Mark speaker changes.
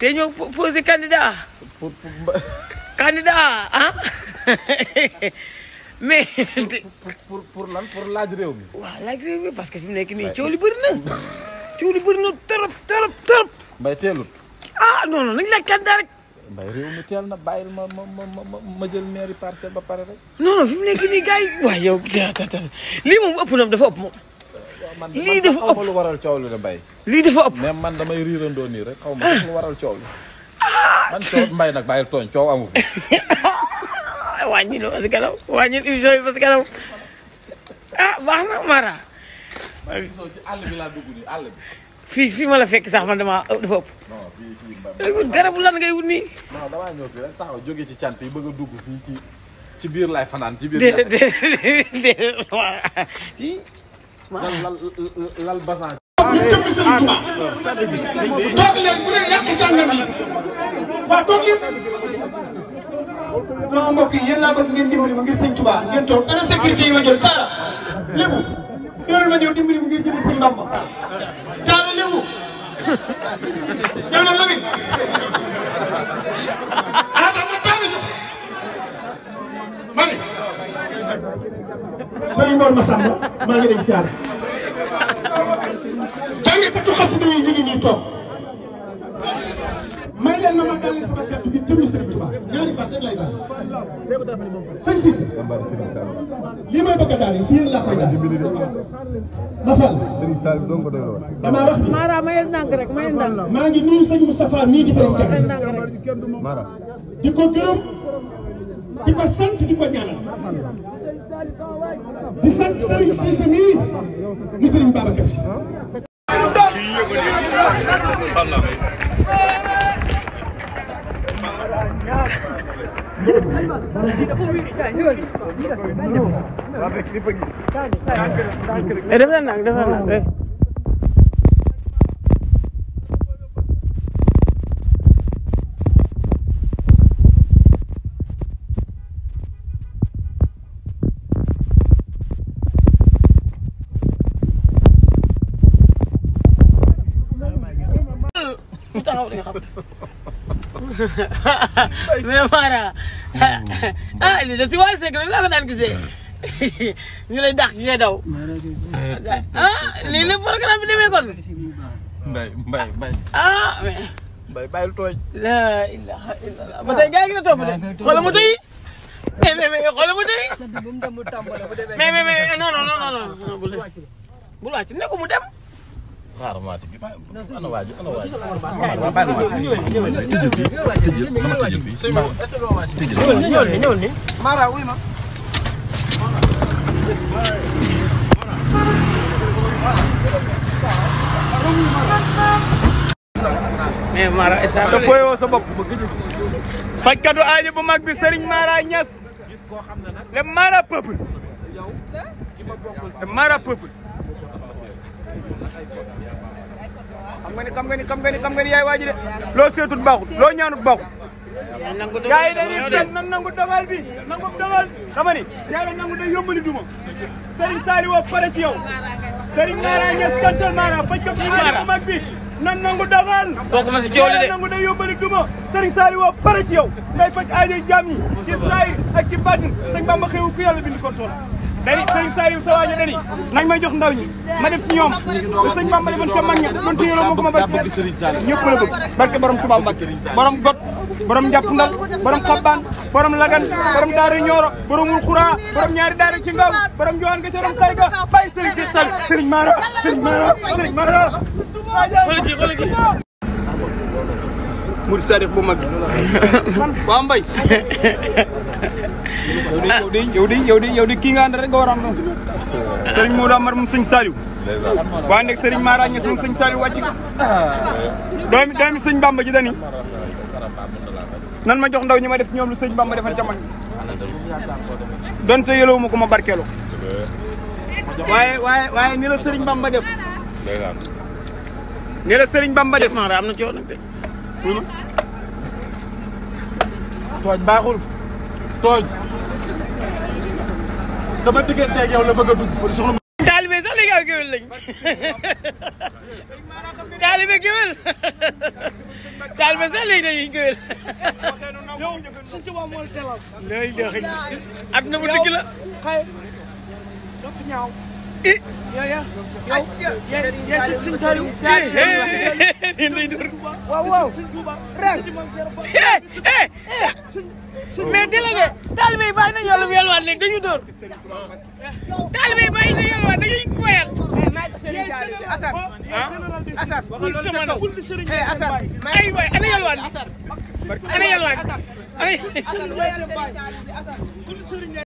Speaker 1: te ñoo posé candidat. pour pour candidat ah. mais. pour pour lan pour laaj réew mi. waaw laaj réew mi parce que fi mu nekk nii coow li bëri na. coow li bëri na trop trop trop. mbay teelut. ah non non nañ laaj candidat rek. mbay réew mi teel na bàyyil ma ma ma ma ma jël mairie parcelle ba pare rek. non non mu nekk nii gars yi. waaw yow lii moom ëpp na dafa lii dafa ëpp de Mbaye lii dafa man damay riirandoo nii rek xaw ma lu waral coow li ah, man coow Mbaye nag bàyyil tooñ coow amu fi wàññi lu ba si kanam wàññi émission yi ba si kanam ah na bi laa dugg nii àll ma la fekk sax man dama dafa ëpp. non eh, wut nii. ci cant yi bëgg a dugg ci biir laay fanaan ci biir. lal lal lal basan. tëb si Sëriñ Tuubaa toog leen bu leen yàq jàngam yi waa toog leen. sama mbokk yi yéen laa bëgg ngeen dimbali ma ngir Sëriñ Tuubaa ngeen toog ana sécurité yi ma jël taara lébu yorul ma ñëw dimbali ma ngir jëli Sëriñ Bamba taara lébu yow nag Lamine ah tax ma taara jóg ma ne. Sëriñ Mor maa ngi lay siyaare jàngkatu xasida yi ñu ngi nii toog may leen na ma dalee sama kàddu gi jëmi Sëriñ Tuubaa ñaari baat rek lay daal sëñ Cissé lii may bëgg a daal si yéen laa koy daal ma fal damaa wax ni Mara mayel ndànk rek mayel ndànk maa ngi nuyu sëñ Moustapha nii di borom kër di ko gërëm di ko sant di ko ñaanal di sant Serigne Cissé mii di Serigne Babacar Sy. Eh, def na nag def na nag de mais Mara hmm. ah de si wàllu sekk la ko daan gisee ñu lay dàq ñu ngay daw ah lii la programme bi demee kon mbay mbay mbay ah mais mbay bàyyil tooñ la ilaha illallah ba tey gaa ngi la topp de xoolal moto yi mais mais mais xoolal moto yi mais mais mais non non non non bul wàcc bul wàcc ne ko mu dem Mara, mara, mara, mara, mara, mara, mara, mara, mara, mara, mara, mara, mara, mara, mara, mara, mara, mara, mara, ni Mara mara, mara, mara, Mara mara, mara, mara, mara, mara, mara, mara, mara, mara, mara, mara, mara, mara, mara, Mara mara, mara, Mara mara, mara, Mara mara xam nga ni xam nga xam nga xam nga ni yaay waaji de loo seetut baaxut loo ñaanut baaxut. gaa yi dañuy dem nan nangu dogal bi nangu dogal dama ni yàlla nangu day yombali duma Serigne Saliou woo pare ci yow Serigne Mara Niass kantal Mara fajkat bu mag bi nan nangu dogal bokk na si coow li de nangu day yombali duma Serigne Saliou woo pare ci yow ngay faj aajo jaam yi ci saayir ak ci baatin sëñ Bamba xewu ku yàlla bind ko tool dani sëriñ Saliou sa waajo dani nañ may jox ndaw ñi ma def ñoom te sëñ Bamba defoon ca mag ña doon ci yoro moo ko ma barke ñëpp la bëgg barke got borom njàpp ndal borom xabbaan borom lagan borom daara ñooro borom wul xuraa borom ñaari daara ci ngaw borom njowan ga ca rom ga bay sëriñ Saliou sëriñ Mara sëriñ Mara sëriñ Mara Mouride Sadikh bu mag waa mbay yow di yow di yow nga ànd rek nga war Serigne Modou Amar moom sëñ Saliou waa ndek Serigne Mara doomi doomi Bamba ji dani nan ma jox ndaw ñi def ñoom lu sëñ Bamba defal ca donte ko ma ni la Serigne Bamba def ni la Serigne Bamba def tooj baaxul tooj sama diggante ak yow la bëgg a dugg soxla taalibe sax li nga géwél lañ taalibe géwél taalibe sax léegi lay lay xëy àdduna bu dëgg yow yow yow yéen suñu saali wu. yéen day dóor. waaw waaw ren. mais délégué. taalibe yi bàyyi nañu yàlla bu yàlla waat léegi dañuy dóor. taalibe yi bàyyi nañu yàlla waat dañuy wéyal. Assane. Assane. kuy